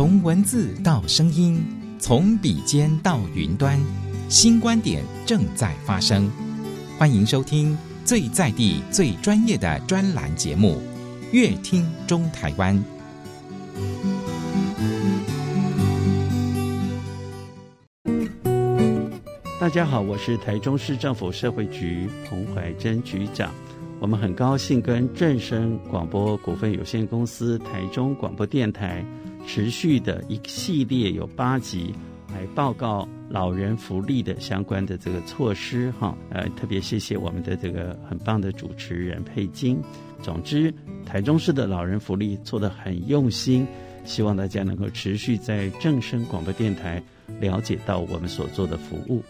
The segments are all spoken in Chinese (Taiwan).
從文字到聲音，從筆尖到雲端，新觀點正在發生。歡迎收聽最在地、最專業的專欄節目《樂聽中台灣》。大家好，我是台中市政府社會局彭懷珍局長。我們很高興跟正聲廣播股份有限公司台中廣播電台。持續的一系列有八集來報告老人福利的相關的這個措施哈，呃，特別謝謝我們的這個很棒的主持人佩金。總之，台中市的老人福利做得很用心，希望大家能夠持續在正聲廣播電台了解到我們所做的服務。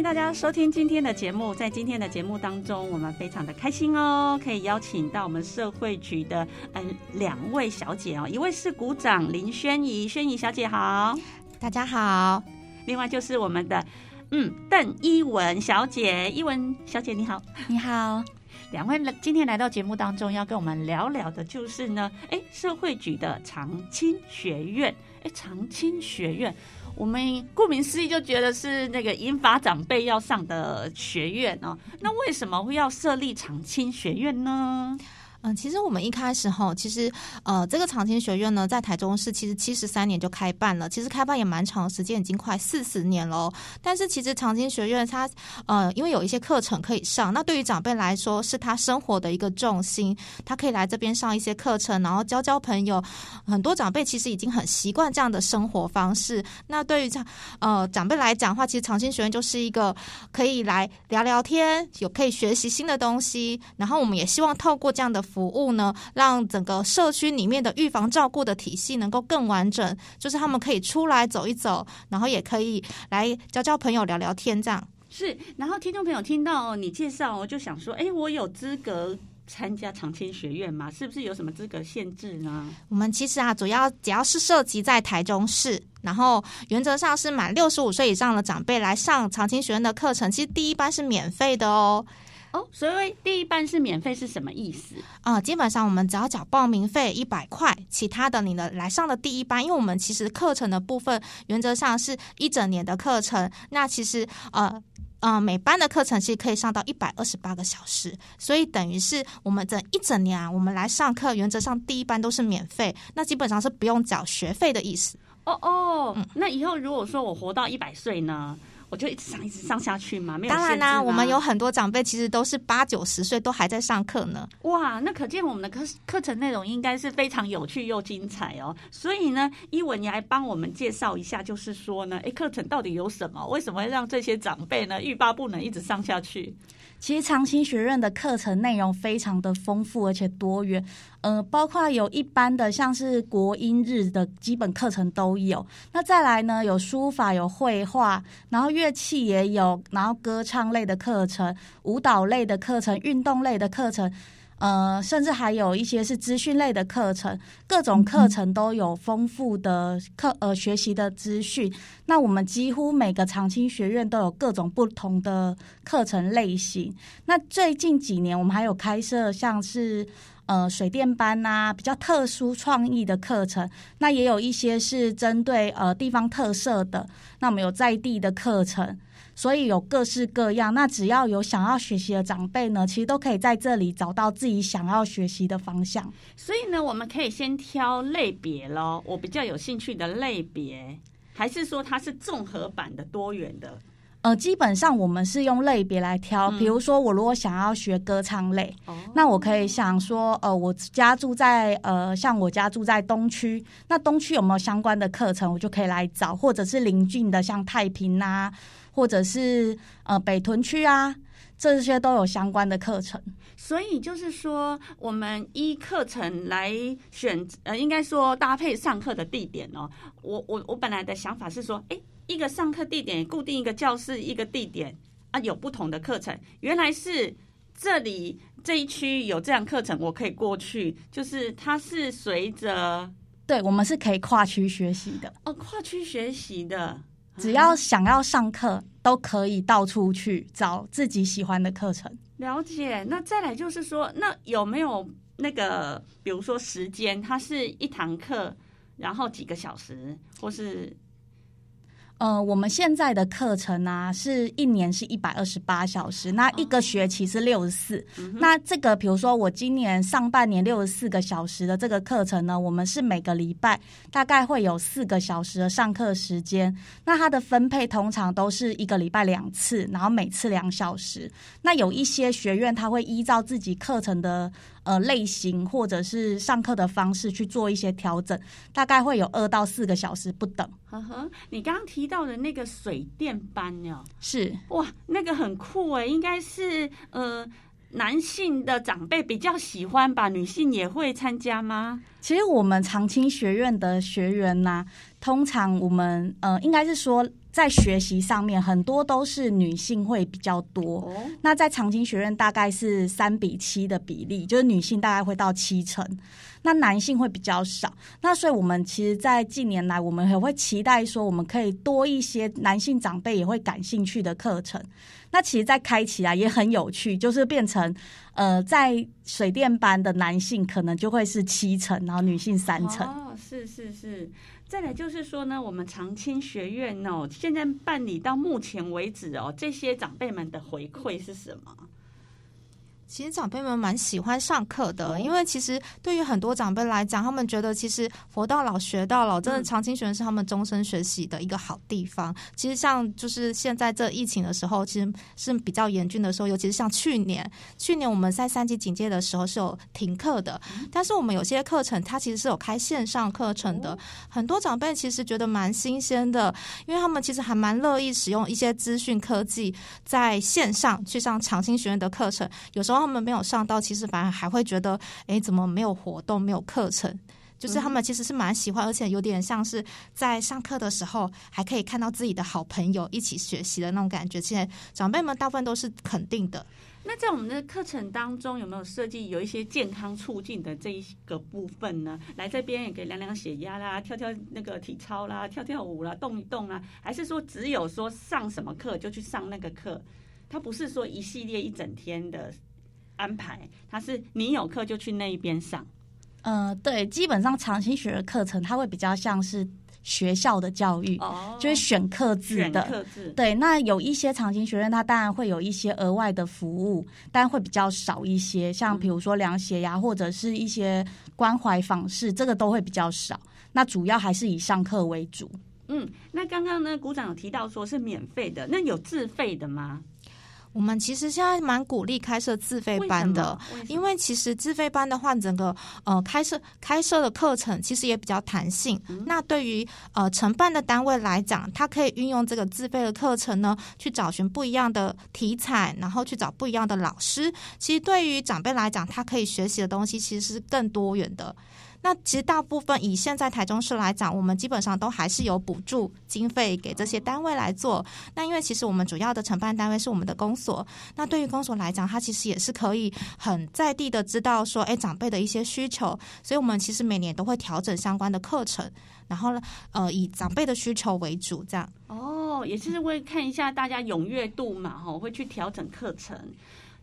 歡迎大家收聽今天的節目，在今天的節目當中，我們非常的開心哦，可以邀請到我們社會局的嗯、呃、兩位小姐哦，一位是股長林軒儀，軒儀小姐好，大家好；另外就是我們的嗯鄧依雯小姐，依雯小姐你好，你好。你好兩位來今天來到節目當中，要跟我們聊聊的，就是呢，誒，社會局的長青學苑，誒，長青學苑。我們顧名思義就覺得是那個銀髮長輩要上的學苑哦，啊，那為什麼會要設立長青學苑呢？嗯，其實我們一開始哈，其實呃，這個長青學苑呢，在台中市其實七十三年就開辦了，其實開辦也蠻長時間，已經快四十年咯。但是其實長青學苑它呃，因為有一些課程可以上，那對於長輩來說，是他生活的一個重心，他可以來這邊上一些課程，然後交交朋友。很多長輩其實已經很習慣這樣的生活方式。那對於長呃長輩來講的話，其實長青學苑就是一個可以來聊聊天，有可以學習新的東西。然後我們也希望透過這樣的。服務呢，讓整個社區裡面的預防照顧的體系能夠更完整，就是他們可以出來走一走，然後也可以來交交朋友、聊聊天這樣。是，然後聽眾朋友聽到、哦、你介紹、哦，我就想說，哎，我有資格參加長青學苑嗎？是不是有什麼資格限制呢？我們其實啊，主要只要是設籍在台中市，然後原則上是滿六十五歲以上的長輩來上長青學苑的課程，其實第一班是免費的哦。哦，所以第一班是免費是什麼意思啊？呃，基本上我們只要繳報名費一百塊，其他的你的來上的第一班，因為我們其實課程的部分原則上是一整年的課程，那其實呃呃每班的課程其實可以上到一百二十八個小時，所以等於是我們這一整年啊，我們來上課，原則上第一班都是免費，那基本上是不用繳學費的意思。哦哦，嗯。那以後如果說我活到一百歲呢？我就一直上，一直上下去嘛，沒有。當然啦，我們有很多長輩，其實都是八九十歲，都還在上課呢。哇，那可見我們的課課程內容應該是非常有趣又精彩哦。所以呢，依雯，你來幫我們介紹一下，就是說呢，誒，課程到底有什麼？為什麼讓這些長輩呢欲罷不能，一直上下去？其實長青學苑的課程內容非常的豐富，而且多元。嗯、呃，包括有一般的像是國英日的基本課程都有。那再來呢，有書法、有繪畫，然後樂器也有，然後歌唱類的課程、舞蹈類的課程、運動類的課程。呃，甚至還有一些是資訊類的課程，各種課程都有豐富的課、嗯、呃學習的資訊。那我們幾乎每個長青學苑都有各種不同的課程類型。那最近幾年，我們還有開設像是。呃，水電班啊，比較特殊創意的課程，那也有一些是針對呃地方特色的，那我們有在地的課程，所以有各式各樣。那只要有想要學習的長輩呢，其實都可以在這裡找到自己想要學習的方向。所以呢，我們可以先挑類別咯。我比較有興趣的類別，還是說它是綜合版的多元的？呃，基本上我們是用類別來挑，比如說我如果想要學歌唱類，嗯、那我可以想說，呃，我家住在呃，像我家住在東區，那東區有沒有相關的課程，我就可以來找，或者是鄰近的，像太平吶、啊，或者是呃北屯區啊，這些都有相關的課程。所以就是說，我們依課程來選，呃，應該說搭配上課的地點哦。我我我本來的想法是說，哎。一個上課地點固定，一個教室一個地點啊，有不同的課程。原來是這裡這一區有這樣課程，我可以過去。就是它是隨着，對，我們是可以跨區學習的哦，跨區學習的，嗯、只要想要上課都可以到處去找自己喜歡的課程。了解。那再來就是說，那有沒有那個，比如說時間，它是一堂課，然後幾個小時，或是？呃，我們現在的課程呢、啊，是一年是一百二十八小時，那一個學期是六十四。那這個，比如說我今年上半年六十四個小時的這個課程呢，我們是每個禮拜大概會有四個小時的上課時間。那它的分配通常都是一個禮拜兩次，然後每次兩小時。那有一些學苑，它會依照自己課程的。呃，類型或者是上課的方式去做一些調整，大概會有二到四個小時不等。呵呵，你剛剛提到的那個水電班呢、哦？是哇，那個很酷誒，應該是呃，男性的長輩比較喜歡吧，女性也會參加嗎？其實我們長青學院的學員吶、啊，通常我們呃，應該是說。在學習上面，很多都是女性會比較多。Oh. 那在長青學苑，大概是三比七的比例，就是女性大概會到七成。那男性會比較少，那所以我們其實，在近年來，我們也會期待說，我們可以多一些男性長輩也會感興趣的課程。那其實，在開起來也很有趣，就是變成呃，在水電班的男性可能就會是七成，然後女性三成。哦，是是是。再來就是說呢，我們長青學苑哦，現在辦理到目前為止哦，這些長輩們的回饋是什麼？嗯其實長輩們蠻喜歡上課的，因為其實對於很多長輩來講，他們覺得其實活到老學到老，真的長青學苑是他們終身學習的一個好地方。嗯、其實像就是現在這疫情的時候，其實是比較嚴峻的時候，尤其是像去年，去年我們在三級警戒的時候是有停課的，但是我們有些課程它其實是有開線上課程的，很多長輩其實覺得蠻新鮮的，因為他們其實還蠻樂意使用一些資訊科技在線上去上長青學苑的課程。有時候，他們沒有上到，其實反而還會覺得，哎、欸，怎麼沒有活動、沒有課程？就是他們其實是蠻喜歡，而且有點像是在上課的時候，還可以看到自己的好朋友一起學習的那種感覺。現在長輩們大部分都是肯定的。那在我們的課程當中，有沒有設計有一些健康促進的這一個部分呢？來這邊也可以量量血壓啦，跳跳那個體操啦，跳跳舞啦，動一動啊？還是說只有說上什麼課就去上那個課？他不是說一系列一整天的？安排，他是你有課就去那一邊上。嗯、呃，對，基本上長青學苑的課程，他會比較像是學校的教育，哦、就是選課制的。制對，那有一些長青學苑，他當然會有一些額外的服務，但會比較少一些。像比如說量血壓呀，或者是一些關懷方式，嗯、這個都會比較少。那主要還是以上課為主。嗯，那剛剛呢，股長有提到說是免費的，那有自費的嗎？我們其實現在蠻鼓勵開設自費班的。為為因為其實自費班的話，整個呃開設開設的課程其實也比較彈性。嗯、那對於呃承辦的單位來講，他可以運用這個自費的課程呢，去找尋不一樣的題材，然後去找不一樣的老師。其實對於長輩來講，他可以學習的東西其實是更多元的。那其實大部分以現在台中市來講，我們基本上都還是有補助經費給這些單位來做。那、哦、因為其實我們主要的承辦單位是我們的公所，那對於公所來講，它其實也是可以很在地的知道說，哎，長輩的一些需求，所以我們其實每年都會調整相關的課程，然後呢，呃，以長輩的需求為主，這樣。哦，也是會看一下大家踴躍度嘛，哈，會去調整課程。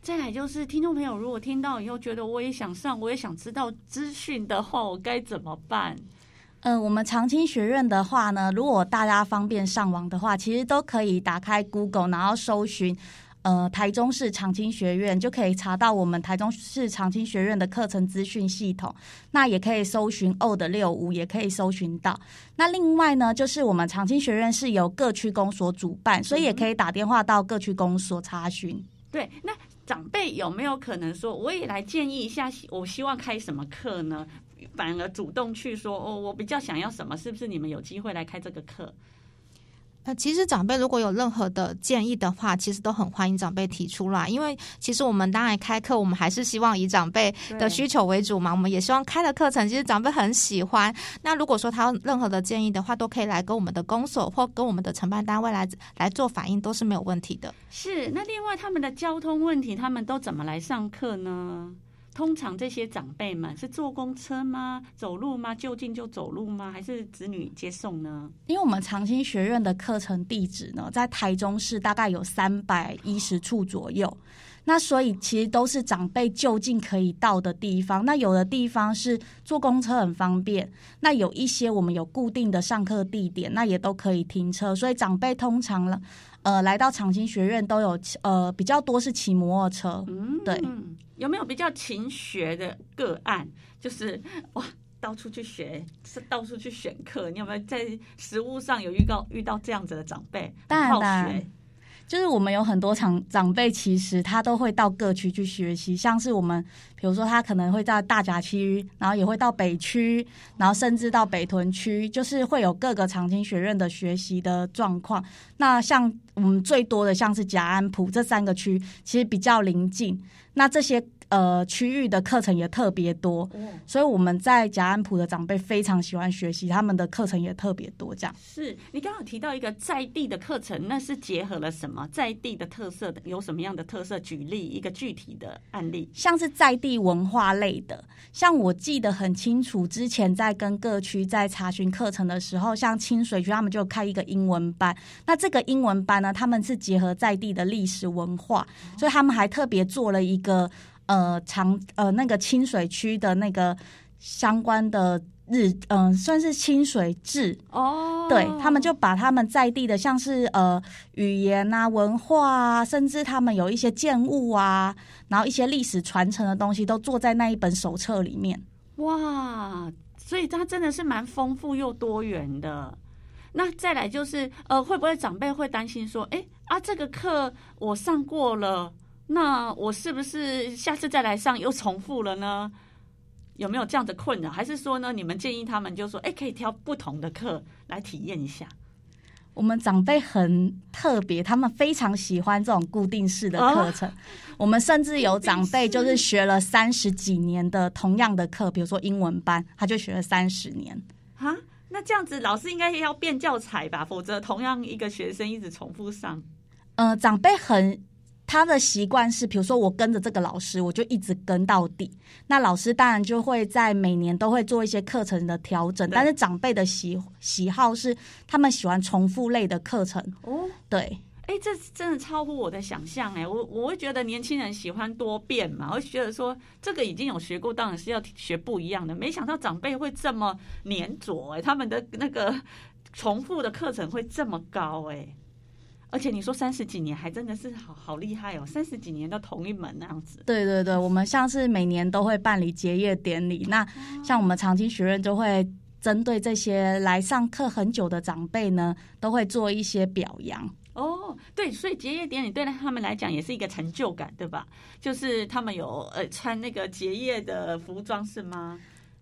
再來就是聽眾朋友，如果聽到以後覺得我也想上，我也想知道資訊的話，我該怎麼辦？嗯、呃，我們長青學苑的話呢，如果大家方便上網的話，其實都可以打開 Google，然後搜尋呃台中市長青學苑，就可以查到我們台中市長青學苑的課程資訊系統。那也可以搜尋二的六五，也可以搜尋到。那另外呢，就是我們長青學苑是由各區公所主辦，嗯、所以也可以打電話到各區公所查詢。對，那。長輩有沒有可能說，我也來建議一下，我希望開什麼課呢？反而主動去說，哦，我比較想要什麼，是不是？你們有機會來開這個課？那其實長輩如果有任何的建議的話，其實都很歡迎長輩提出來。因為其實我們當然開課，我們還是希望以長輩的需求為主嘛。對我們也希望開的課程，其實長輩很喜歡。那如果說他有任何的建議的話，都可以來跟我們的公所或跟我們的承辦單位來來做反應，都是沒有問題的。是。那另外他們的交通問題，他們都怎麼來上課呢？通常這些長輩們是坐公車嗎？走路嗎？就近就走路嗎？還是子女接送呢？因為我們長青學苑的課程地址呢，在台中市大概有三百一十處左右。那所以其實都是長輩就近可以到的地方。那有的地方是坐公車很方便，那有一些我們有固定的上課地點，那也都可以停車。所以長輩通常了，呃，來到長青學苑都有呃，比較多是騎摩托車。嗯，對。有沒有比較勤學的個案？就是哇，到處去學，是到處去選課？你有沒有在實務上有遇到遇到這樣子的長輩？大。但但就是我們有很多長長輩，其實他都會到各區去學習，像是我們，比如說他可能會在大甲區，然後也會到北區，然後甚至到北屯區，就是會有各個長青學苑的學習的狀況。那像我們最多的像是甲安埔這三個區，其實比較鄰近，那這些。呃，區域的課程也特別多，嗯、所以我們在甲安埔的長輩非常喜歡學習，他們的課程也特別多。這樣是你剛剛提到一個在地的課程，那是結合了什麼在地的特色的？有什麼樣的特色？舉例一個具體的案例，像是在地文化類的。像我記得很清楚，之前在跟各區在查詢課程的時候，像清水區他們就開一個英文班，那這個英文班呢，他們是結合在地的歷史文化，哦、所以他們還特別做了一個。呃，長呃那個清水區的那個相關的日，嗯、呃，算是清水誌哦，對，他們就把他們在地的，像是呃語言啊、文化啊，甚至他們有一些建物啊，然後一些歷史傳承的東西，都做在那一本手冊裡面。哇，所以它真的是蠻豐富又多元的。那再來就是，呃，會不會長輩會擔心說，哎、欸、啊，這個課我上過了。那我是不是下次再來上又重複了呢？有沒有這樣的困擾？還是說呢，你們建議他們就說，誒、欸，可以挑不同的課來體驗一下？我們長輩很特別，他們非常喜歡這種固定式的課程。啊、我們甚至有長輩就是學了三十幾年的同樣的課，比如說英文班，他就學了三十年。哈、啊，那這樣子老師應該也要變教材吧？否則同樣一個學生一直重複上。嗯、呃，長輩很。他的習慣是，比如說我跟着這個老師，我就一直跟到底。那老師當然就會在每年都會做一些課程的調整，對，但是長輩的喜喜好是，他們喜歡重複類的課程。哦，對，哎，這真的超乎我的想象哎！我我會覺得年輕人喜歡多變嘛，我會覺得說這個已經有學過，當然是要學不一樣的。沒想到長輩會這麼粘着哎，他們的那個重複的課程會這麼高哎。而且你說三十幾年還真的是好好厲害哦！三十幾年都同一門那樣子。對對對，我們像是每年都會辦理結業典禮，那像我們長青學苑就會針對這些來上課很久的長輩呢，都會做一些表揚。哦，對，所以結業典禮對他們來講也是一個成就感，對吧？就是他們有呃穿那個結業的服裝是嗎？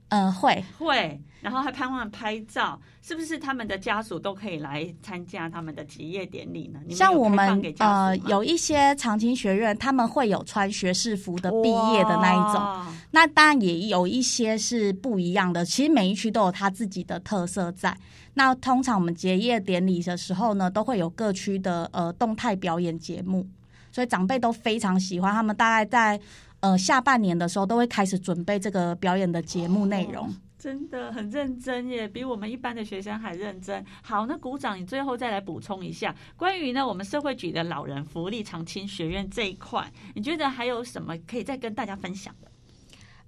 嗯、呃，會會，然後還盼望拍照，是不是他們的家屬都可以來參加他們的結業典禮呢？像我們呃，有一些長青學苑，他們會有穿學士服的畢業的那一種，哇那當然也有一些是不一樣的。其實每一區都有他自己的特色在。那通常我們結業典禮的時候呢，都會有各區的呃動態表演節目，所以長輩都非常喜歡。他們大概在。呃，下半年的時候都會開始準備這個表演的節目內容。哦，真的很認真耶，比我們一般的學生還認真。好，那鼓掌，你最後再來補充一下，關於呢我們社會局的老人福利長青學苑這一塊，你覺得還有什麼可以再跟大家分享的？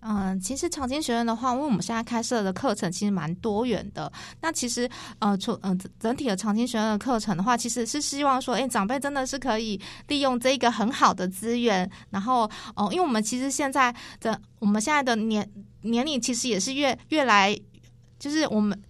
嗯，其實長青學苑的話，因為我們現在開設的課程其實蠻多元的。那其實呃，從呃整體的長青學苑的課程的話，其實是希望說，哎，長輩真的是可以利用這一個很好的資源。然後哦，因為我們其實現在的我們現在的年年齡其實也是越越來，就是我們。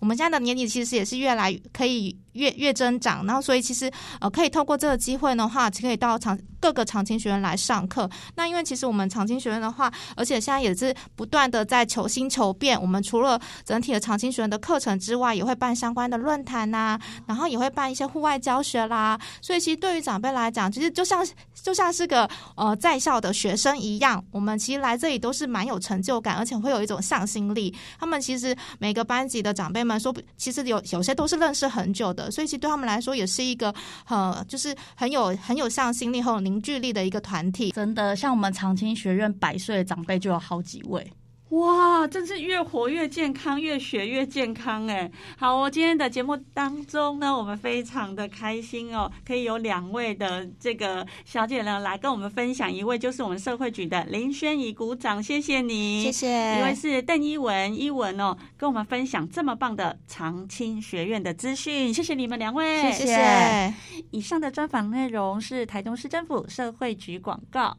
我們現在的年齡，其實也是越來可以越越增長，然後所以其實呃，可以透過這個機會的話，其實可以到長各個長青學苑來上課。那因為其實我們長青學苑的話，而且現在也是不斷的在求新求變。我們除了整體的長青學苑的課程之外，也會辦相關的論壇吶、啊，然後也會辦一些戶外教學啦。所以其實對於長輩來講，其實就像就像是個呃在校的學生一樣，我們其實來這裡都是蠻有成就感，而且會有一種向心力。他們其實每個班級的長輩們們說，其實有有些都是認識很久的，所以其實對他們來說，也是一個呃、嗯，就是很有很有向心力和凝聚力的一個團體。真的，像我們長青學苑百歲的長輩就有好幾位。哇，真是越活越健康，越學越健康誒好、哦，我今天的節目當中呢，我們非常的開心哦，可以有兩位的這個小姐呢來跟我們分享，一位就是我們社會局的林軒儀，鼓掌，謝謝你，謝謝。一位是鄧依雯，依雯哦，跟我們分享這麼棒的長青學苑的資訊，謝謝你們兩位，謝謝。謝謝。以上的專訪內容是台中市政府社會局廣告。